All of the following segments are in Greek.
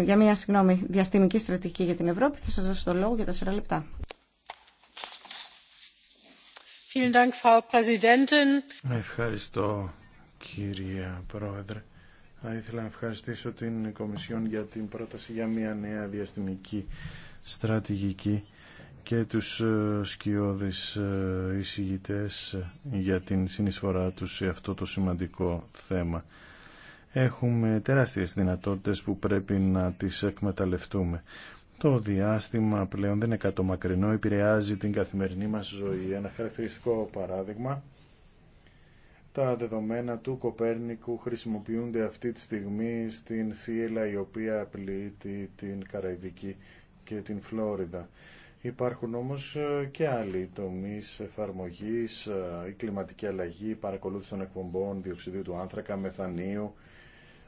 για μια συγγνώμη, διαστημική στρατηγική για την Ευρώπη. Θα σας δώσω το λόγο για τέσσερα λεπτά. Ευχαριστώ κυρία Πρόεδρε. Θα ήθελα να ευχαριστήσω την Κομισιόν για την πρόταση για μια νέα διαστημική στρατηγική και τους ε, σκιώδεις ε, εισηγητές για την συνεισφορά τους σε αυτό το σημαντικό θέμα έχουμε τεράστιες δυνατότητες που πρέπει να τις εκμεταλλευτούμε. Το διάστημα πλέον δεν είναι κατομακρινό, επηρεάζει την καθημερινή μας ζωή. Ένα χαρακτηριστικό παράδειγμα, τα δεδομένα του Κοπέρνικου χρησιμοποιούνται αυτή τη στιγμή στην θύελα η οποία πλήττει την Καραϊβική και την Φλόριδα. Υπάρχουν όμως ε, και άλλοι τομείς εφαρμογής, ε, η κλιματική αλλαγή, η παρακολούθηση των εκπομπών, διοξιδίου του άνθρακα, μεθανίου,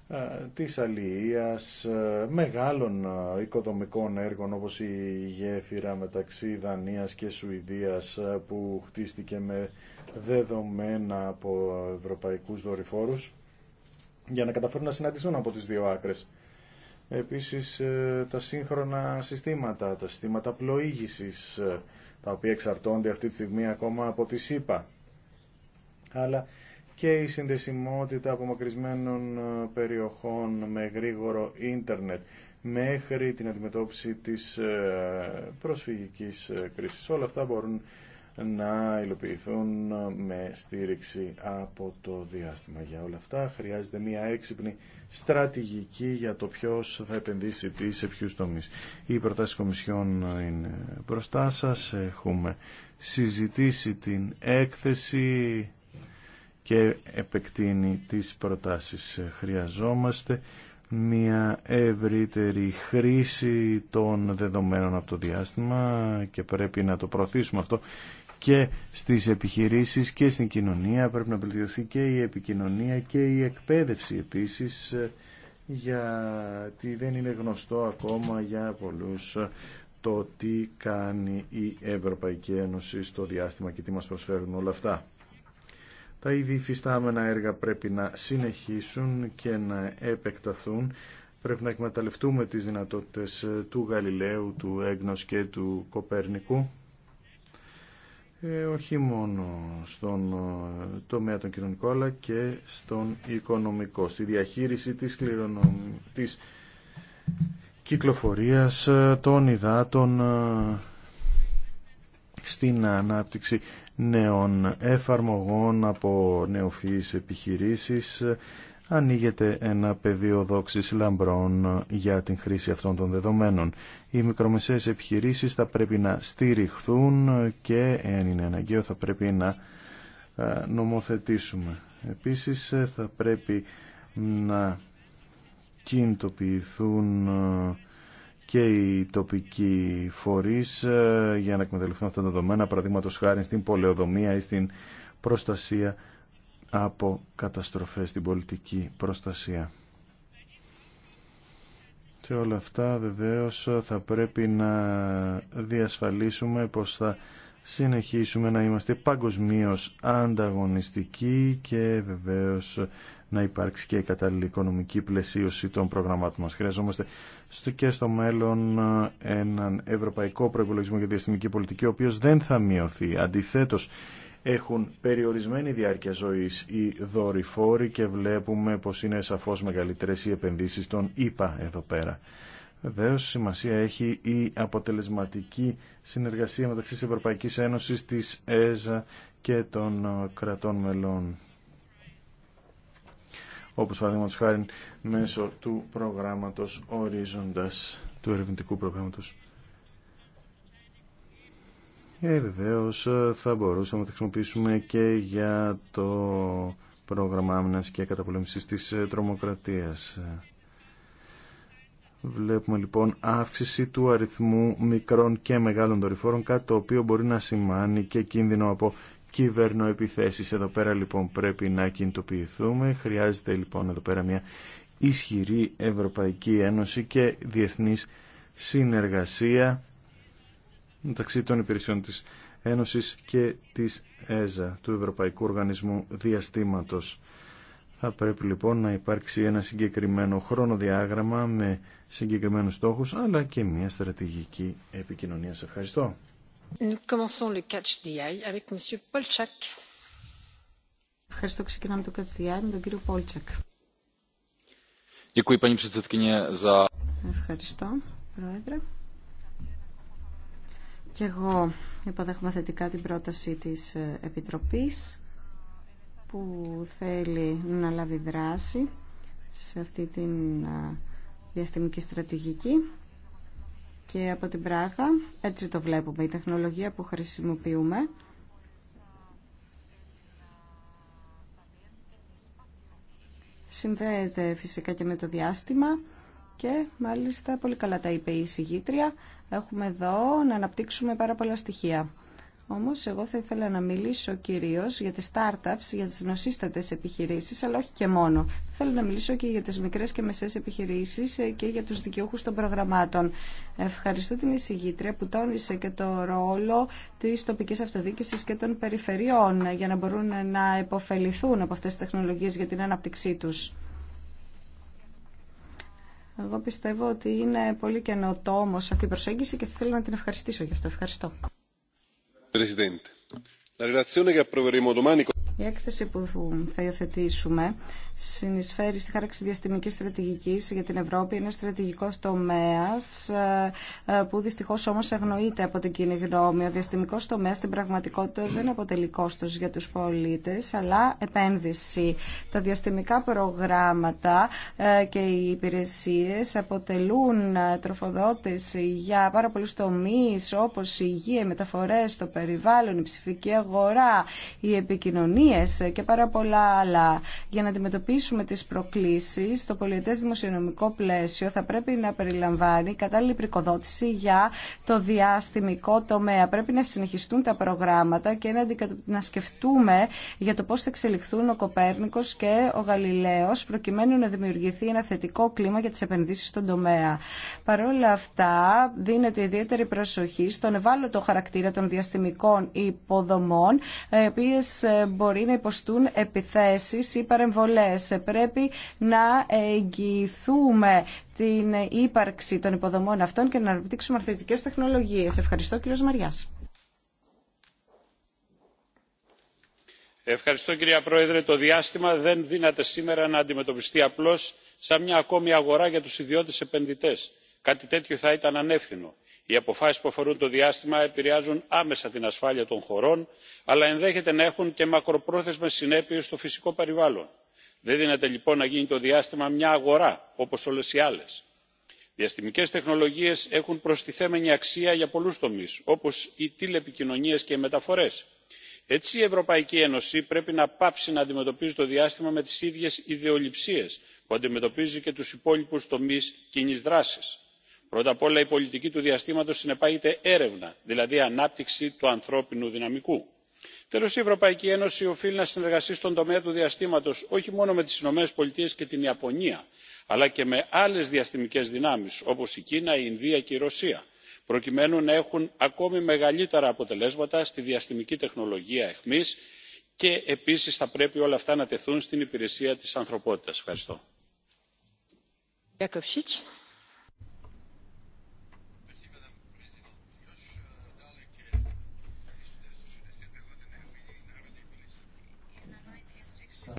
ε, της αλληλείας, ε, μεγάλων ε, οικοδομικών έργων όπως η γέφυρα μεταξύ Δανίας και Σουηδίας που χτίστηκε με δεδομένα από ευρωπαϊκούς δορυφόρους για να καταφέρουν να συναντηθούν από τις δύο άκρες. Επίσης τα σύγχρονα συστήματα, τα συστήματα πλοήγησης τα οποία εξαρτώνται αυτή τη στιγμή ακόμα από τη ΣΥΠΑ. Αλλά και η συνδεσιμότητα απομακρυσμένων ε, περιοχών με γρήγορο ίντερνετ μέχρι την αντιμετώπιση της ε, προσφυγικής ε, κρίσης. Όλα αυτά μπορούν να υλοποιηθούν με στήριξη από το διάστημα. Για όλα αυτά χρειάζεται μια έξυπνη στρατηγική για το ποιο θα επενδύσει τι σε ποιου τομεί. Οι προτάσει Κομισιόν είναι μπροστά σα. Έχουμε συζητήσει την έκθεση και επεκτείνει τις προτάσεις. Χρειαζόμαστε μια ευρύτερη χρήση των δεδομένων από το διάστημα και πρέπει να το προωθήσουμε αυτό και στις επιχειρήσεις και στην κοινωνία. Πρέπει να βελτιωθεί και η επικοινωνία και η εκπαίδευση επίσης γιατί δεν είναι γνωστό ακόμα για πολλούς το τι κάνει η Ευρωπαϊκή Ένωση στο διάστημα και τι μας προσφέρουν όλα αυτά. Τα ήδη υφιστάμενα έργα πρέπει να συνεχίσουν και να επεκταθούν. Πρέπει να εκμεταλλευτούμε τις δυνατότητες του Γαλιλαίου, του Έγνος και του Κοπέρνικου. Ε, όχι μόνο στον ε, τομέα των κοινωνικών αλλά και στον οικονομικό. Στη διαχείριση της, κληρονομ... της κυκλοφορίας ε, των υδάτων ε, στην ανάπτυξη νέων εφαρμογών από νεοφυείς επιχειρήσεις ανοίγεται ένα πεδίο δόξης λαμπρών για την χρήση αυτών των δεδομένων. Οι μικρομεσαίες επιχειρήσεις θα πρέπει να στηριχθούν και, εάν είναι αναγκαίο, θα πρέπει να νομοθετήσουμε. Επίσης, θα πρέπει να κινητοποιηθούν και οι τοπικοί φορείς ε, για να εκμεταλλευτούν αυτά τα δεδομένα, παραδείγματο χάρη στην πολεοδομία ή στην προστασία από καταστροφές, στην πολιτική προστασία. Και όλα αυτά βεβαίως θα πρέπει να διασφαλίσουμε πως θα συνεχίσουμε να είμαστε παγκοσμίω ανταγωνιστικοί και βεβαίω να υπάρξει και η κατάλληλη οικονομική πλαισίωση των προγραμμάτων μας. Χρειαζόμαστε στο και στο μέλλον έναν ευρωπαϊκό προϋπολογισμό για διαστημική πολιτική, ο οποίος δεν θα μειωθεί. Αντιθέτως, έχουν περιορισμένη διάρκεια ζωής οι δορυφόροι και βλέπουμε πως είναι σαφώς μεγαλύτερες οι επενδύσεις των ΙΠΑ εδώ πέρα. Βεβαίω, σημασία έχει η αποτελεσματική συνεργασία μεταξύ τη Ευρωπαϊκή Ένωσης, της ΕΖΑ και των ε, κρατών μελών. Όπως παραδείγματο χάρη μέσω του προγράμματος ορίζοντας του ερευνητικού προγράμματος. Και ε, βεβαίω ε, θα μπορούσαμε να τα χρησιμοποιήσουμε και για το πρόγραμμα άμυνα και καταπολέμηση της τρομοκρατίας. Βλέπουμε λοιπόν αύξηση του αριθμού μικρών και μεγάλων δορυφόρων, κάτι το οποίο μπορεί να σημάνει και κίνδυνο από κυβερνοεπιθέσεις. Εδώ πέρα λοιπόν πρέπει να κινητοποιηθούμε. Χρειάζεται λοιπόν εδώ πέρα μια ισχυρή Ευρωπαϊκή Ένωση και διεθνής συνεργασία μεταξύ των υπηρεσιών της Ένωσης και της ΕΖΑ, του Ευρωπαϊκού Οργανισμού Διαστήματος. Θα πρέπει λοιπόν να υπάρξει ένα συγκεκριμένο χρονοδιάγραμμα με συγκεκριμένους στόχους αλλά και μια στρατηγική επικοινωνία. Σε ευχαριστώ. Ευχαριστώ. Ξεκινάμε το Catch the Eye με τον κύριο Πόλτσακ. Ευχαριστώ, Πρόεδρε. Και εγώ υποδέχομαι θετικά την πρόταση της ε, Επιτροπής που θέλει να λάβει δράση σε αυτή την διαστημική στρατηγική και από την πράγα έτσι το βλέπουμε η τεχνολογία που χρησιμοποιούμε συνδέεται φυσικά και με το διάστημα και μάλιστα πολύ καλά τα είπε η συγγήτρια έχουμε εδώ να αναπτύξουμε πάρα πολλά στοιχεία όμως εγώ θα ήθελα να μιλήσω κυρίως για τις startups, για τις νοσίστατες επιχειρήσεις, αλλά όχι και μόνο. Θέλω να μιλήσω και για τις μικρές και μεσαίες επιχειρήσεις ε, και για τους δικαιούχους των προγραμμάτων. Ευχαριστώ την εισηγήτρια που τόνισε και το ρόλο της τοπικής αυτοδιοίκηση και των περιφερειών ε, για να μπορούν να υποφεληθούν από αυτές τις τεχνολογίες για την ανάπτυξή τους. Εγώ πιστεύω ότι είναι πολύ καινοτόμος αυτή η προσέγγιση και θέλω να την ευχαριστήσω γι' αυτό. Ευχαριστώ presidente la relazione che approveremo domani η έκθεση που θα υιοθετήσουμε συνεισφέρει στη χάραξη διαστημική στρατηγική για την Ευρώπη. Είναι στρατηγικό τομέα ε, που δυστυχώ όμω αγνοείται από την κοινή γνώμη. Ο διαστημικό τομέα στην πραγματικότητα δεν αποτελεί κόστο για του πολίτε, αλλά επένδυση. Τα διαστημικά προγράμματα ε, και οι υπηρεσίε αποτελούν ε, τροφοδότηση για πάρα πολλού τομεί όπω η υγεία, οι μεταφορέ, το περιβάλλον, η ψηφική αγορά, η επικοινωνία και πάρα πολλά άλλα. Για να αντιμετωπίσουμε τι προκλήσει. το πολιετές δημοσιονομικό πλαίσιο θα πρέπει να περιλαμβάνει κατάλληλη πρικοδότηση για το διαστημικό τομέα. Πρέπει να συνεχιστούν τα προγράμματα και να σκεφτούμε για το πώ θα εξελιχθούν ο Κοπέρνικο και ο Γαλιλαίος προκειμένου να δημιουργηθεί ένα θετικό κλίμα για τι επενδύσεις στον τομέα. Παρ' όλα αυτά δίνεται ιδιαίτερη προσοχή στον ευάλωτο χαρακτήρα των διαστημικών υποδομών, οι οποίε ε, μπορεί μπορεί να υποστούν επιθέσεις ή παρεμβολές. Πρέπει να εγγυηθούμε την ύπαρξη των υποδομών αυτών και να αναπτύξουμε αρθρητικές τεχνολογίες. Ευχαριστώ κύριος Μαριάς. Ευχαριστώ κυρία Πρόεδρε. Το διάστημα δεν δύναται σήμερα να αντιμετωπιστεί απλώς σαν μια ακόμη αγορά για τους ιδιώτες επενδυτές. Κάτι τέτοιο θα ήταν ανεύθυνο οι αποφάσει που αφορούν το διάστημα επηρεάζουν άμεσα την ασφάλεια των χωρών αλλά ενδέχεται να έχουν και μακροπρόθεσμε συνέπειε στο φυσικό περιβάλλον. δεν δύναται λοιπόν να γίνει το διάστημα μια αγορά όπω όλε οι άλλε. διαστημικέ τεχνολογίε έχουν προστιθέμενη αξία για πολλού τομεί όπω οι τηλεπικοινωνίε και οι μεταφορέ. έτσι η ευρωπαϊκή ένωση πρέπει να πάψει να αντιμετωπίζει το διάστημα με τι ίδιε ιδεολειψίε που αντιμετωπίζει και του υπόλοιπου τομεί κοινή δράση πρώτα απ' όλα η πολιτική του διαστήματο συνεπάγεται έρευνα δηλαδή ανάπτυξη του ανθρώπινου δυναμικού. τέλος η ευρωπαϊκή ένωση οφείλει να συνεργαστεί στον τομέα του διαστήματο, όχι μόνο με τι Ηνωμένε Πολιτείε και την ιαπωνία αλλά και με άλλε διαστημικές δυνάμει όπω η κίνα η ινδία και η ρωσία προκειμένου να έχουν ακόμη μεγαλύτερα αποτελέσματα στη διαστημική τεχνολογία εχμής και επίση θα πρέπει όλα αυτά να τεθούν στην υπηρεσία τη ανθρωπότητα. ευχαριστώ.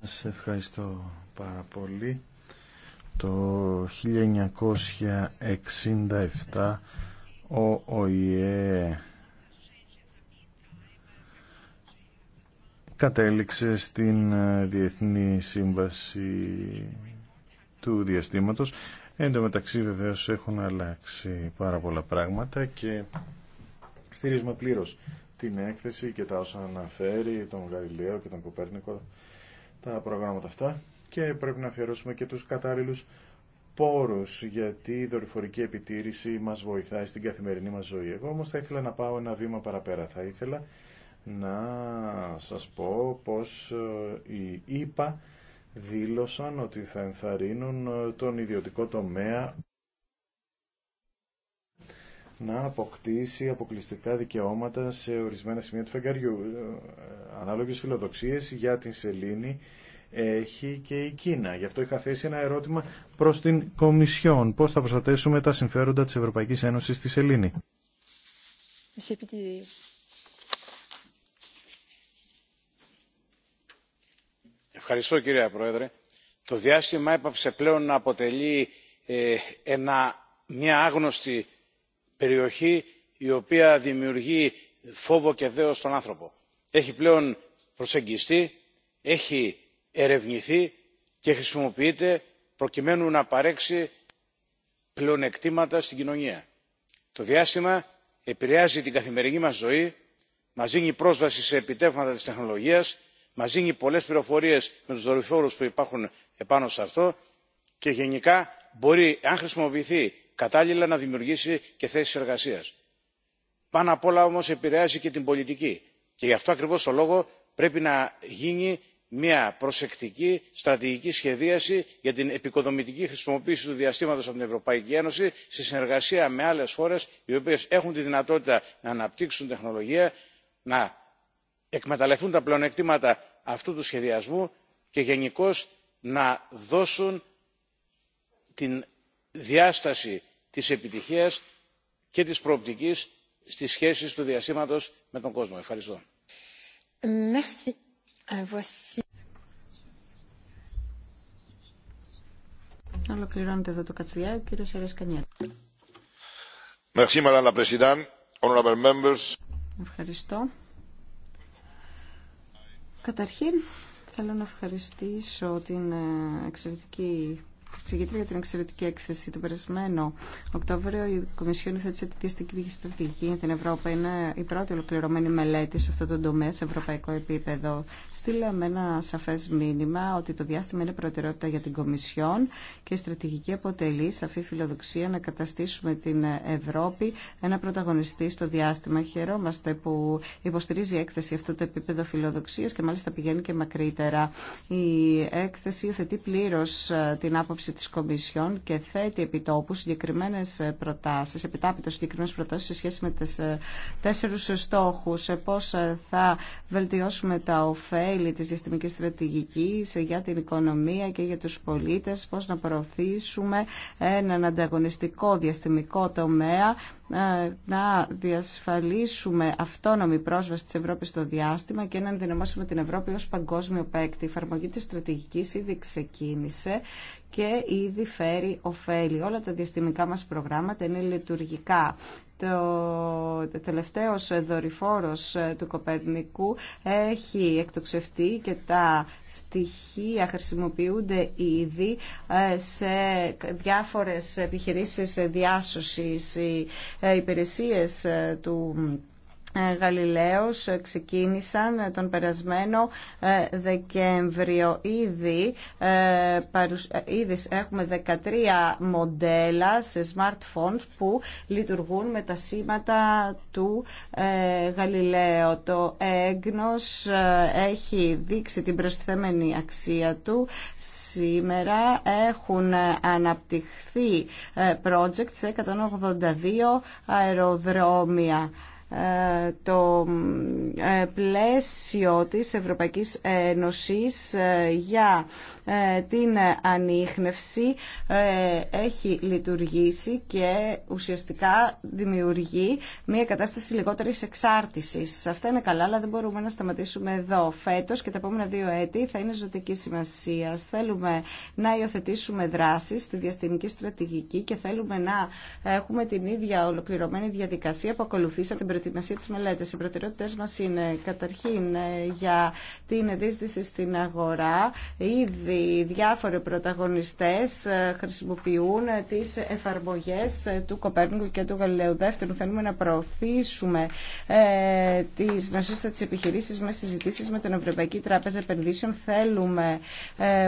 Σας ευχαριστώ πάρα πολύ. Το 1967 ο ΟΗΕ κατέληξε στην ε, Διεθνή Σύμβαση του Διαστήματος. Εν τω μεταξύ βεβαίως έχουν αλλάξει πάρα πολλά πράγματα και στηρίζουμε πλήρως την έκθεση και τα όσα αναφέρει τον Γαλιλαίο και τον Κοπέρνικο τα προγράμματα αυτά και πρέπει να αφιερώσουμε και τους κατάλληλους πόρους γιατί η δορυφορική επιτήρηση μας βοηθάει στην καθημερινή μας ζωή. Εγώ όμως θα ήθελα να πάω ένα βήμα παραπέρα. Θα ήθελα να σας πω πως ε, οι ΙΠΑ δήλωσαν ότι θα ενθαρρύνουν ε, τον ιδιωτικό τομέα να αποκτήσει αποκλειστικά δικαιώματα σε ορισμένα σημεία του φεγγαριού. Ε, ανάλογες φιλοδοξίες για την σελήνη έχει και η Κίνα. Γι' αυτό είχα θέσει ένα ερώτημα προς την Κομισιόν. Πώς θα προστατεύσουμε τα συμφέροντα της Ευρωπαϊκής Ένωσης στη σελήνη. Ευχαριστώ κυρία Πρόεδρε. Το διάστημα έπαψε πλέον να αποτελεί ε, ένα, μια άγνωστη περιοχή η οποία δημιουργεί φόβο και δέος στον άνθρωπο. έχει πλέον προσεγγιστεί έχει ερευνηθεί και χρησιμοποιείται προκειμένου να παρέξει πλεονεκτήματα στην κοινωνία. το διάστημα επηρεάζει την καθημερινή μας ζωή μας δίνει πρόσβαση σε επιτεύγματα της τεχνολογίας μας δίνει πολλές πληροφορίες με τους δορυφόρους που υπάρχουν επάνω σε αυτό και γενικά μπορεί αν χρησιμοποιηθεί κατάλληλα να δημιουργήσει και θέσεις εργασία. πάνω απ' όλα όμω επηρεάζει και την πολιτική και γι' αυτό ακριβώ το λόγο πρέπει να γίνει μια προσεκτική στρατηγική σχεδίαση για την επικοδομητική χρησιμοποίηση του διαστήματο από την ευρωπαϊκή ένωση σε συνεργασία με άλλε χώρε οι οποίε έχουν τη δυνατότητα να αναπτύξουν τεχνολογία να εκμεταλλευτούν τα πλεονεκτήματα αυτού του σχεδιασμού και γενικώ να δώσουν την διάσταση της επιτυχίας και της προοπτικής στις σχέσεις του διαστήματος με τον κόσμο. Ευχαριστώ. Ε, Ολοκληρώνεται εδώ το Κατσιλιά. Ευχαριστώ. Καταρχήν, θέλω να ευχαριστήσω την ε, εξαιρετική εισηγήτρια για την εξαιρετική έκθεση. Τον περασμένο Οκτώβριο η Κομισιόν υιοθέτησε τη διαστική στρατηγική για την Ευρώπη. Είναι η πρώτη ολοκληρωμένη μελέτη σε αυτό το τομέα σε ευρωπαϊκό επίπεδο. Στείλαμε ένα σαφέ μήνυμα ότι το διάστημα είναι προτεραιότητα για την Κομισιόν και η στρατηγική αποτελεί σαφή φιλοδοξία να καταστήσουμε την Ευρώπη ένα πρωταγωνιστή στο διάστημα. Χαιρόμαστε που υποστηρίζει η έκθεση αυτό το επίπεδο φιλοδοξία και μάλιστα πηγαίνει και μακρύτερα. Η έκθεση υιοθετεί πλήρω ε, την άποψη Τη της Κομισιόν και θέτει επιτόπου συγκεκριμένες προτάσεις, επιτάπητο συγκεκριμένες προτάσεις σε σχέση με τις ε, τέσσερους στόχους, πώς ε, θα βελτιώσουμε τα ωφέλη της διαστημικής στρατηγικής για την οικονομία και για τους πολίτες, πώς να προωθήσουμε έναν ανταγωνιστικό διαστημικό τομέα, ε, να διασφαλίσουμε αυτόνομη πρόσβαση της Ευρώπη στο διάστημα και να ενδυναμώσουμε την Ευρώπη ως παγκόσμιο παίκτη. Η εφαρμογή της στρατηγικής ήδη ξεκίνησε και ήδη φέρει ωφέλη. Όλα τα διαστημικά μας προγράμματα είναι λειτουργικά. Το τελευταίος δορυφόρος ε, του Κοπερνικού έχει εκτοξευτεί και τα στοιχεία χρησιμοποιούνται ήδη ε, σε διάφορες επιχειρήσεις διάσωσης. Οι ε, υπηρεσίες του ε, Γαλιλαίος ε, ξεκίνησαν ε, τον περασμένο Δεκέμβριο. Ήδη, ήδη έχουμε 13 μοντέλα σε smartphones που λειτουργούν με τα σήματα του Γαλιλαίου. Το έγνος έχει δείξει την προσθεμένη αξία του. Σήμερα έχουν αναπτυχθεί project σε 182 αεροδρόμια το ε, πλαίσιο της Ευρωπαϊκής Ένωσης ε, για ε, την ανείχνευση έχει λειτουργήσει και ουσιαστικά δημιουργεί μια κατάσταση λιγότερης εξάρτησης. Αυτά είναι καλά, αλλά δεν μπορούμε να σταματήσουμε εδώ. Φέτος και τα επόμενα δύο έτη θα είναι ζωτική σημασία. Θέλουμε να υιοθετήσουμε δράσεις στη διαστημική στρατηγική και θέλουμε να έχουμε την ίδια ολοκληρωμένη διαδικασία που ακολουθήσαμε την προετοιμασία της μελέτης. Οι προτεραιότητες μας είναι καταρχήν ε, για την δίσδυση στην αγορά. Ήδη διάφοροι πρωταγωνιστές ε, χρησιμοποιούν ε, τις εφαρμογές του Κοπέρνικου και του Γαλιλαίου. Δεύτερον, θέλουμε να προωθήσουμε ε, τις νοσίστες της επιχειρήσεις με συζητήσεις με την Ευρωπαϊκή Τράπεζα Επενδύσεων. Θέλουμε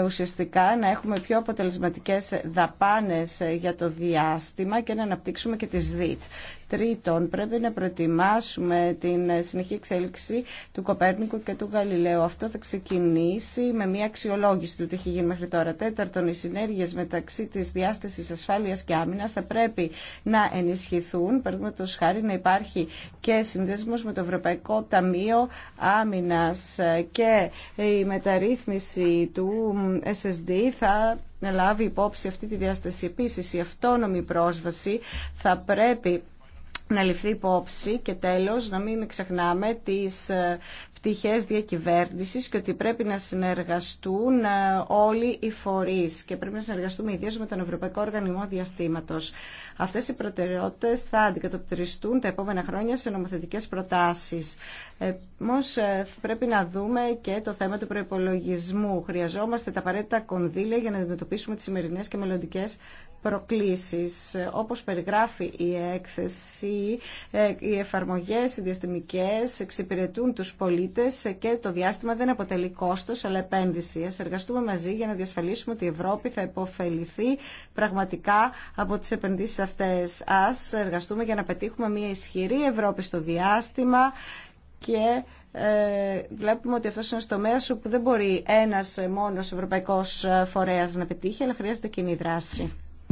ουσιαστικά να έχουμε πιο αποτελεσματικές δαπάνες για το διάστημα και να αναπτύξουμε και τις ΔΙΤ. Τρίτον, πρέπει να προετοιμάσουμε την συνεχή εξέλιξη του Κοπέρνικου και του Γαλιλαίου. Αυτό θα ξεκινήσει με μια αξιολόγηση του τι έχει γίνει μέχρι τώρα. Τέταρτον, οι συνέργειε μεταξύ τη διάσταση ασφάλεια και άμυνα θα πρέπει να ενισχυθούν. Παραδείγματο χάρη να υπάρχει και συνδέσμο με το Ευρωπαϊκό Ταμείο Άμυνα και η μεταρρύθμιση του SSD θα λάβει υπόψη αυτή τη διάσταση. Επίσης, η αυτόνομη πρόσβαση θα πρέπει να ληφθεί υπόψη και τέλος να μην ξεχνάμε τις ε, πτυχές διακυβέρνησης και ότι πρέπει να συνεργαστούν ε, όλοι οι φορείς και πρέπει να συνεργαστούμε ιδίως με τον Ευρωπαϊκό Οργανισμό Διαστήματος. Αυτές οι προτεραιότητες θα αντικατοπτριστούν τα επόμενα χρόνια σε νομοθετικές προτάσεις. Όμω ε, πρέπει να δούμε και το θέμα του προπολογισμού. Χρειαζόμαστε τα απαραίτητα κονδύλια για να αντιμετωπίσουμε τις σημερινές και μελλοντικέ προκλήσεις. Όπως περιγράφει η έκθεση, ε, οι εφαρμογές οι διαστημικές εξυπηρετούν τους πολίτες και το διάστημα δεν αποτελεί κόστος αλλά επένδυση. Α εργαστούμε μαζί για να διασφαλίσουμε ότι η Ευρώπη θα υποφεληθεί πραγματικά από τις επενδύσεις αυτές. Ας εργαστούμε για να πετύχουμε μια ισχυρή Ευρώπη στο διάστημα και ε, βλέπουμε ότι αυτό είναι ένα τομέα όπου δεν μπορεί ένα μόνο ευρωπαϊκό φορέα να πετύχει, αλλά χρειάζεται κοινή δράση.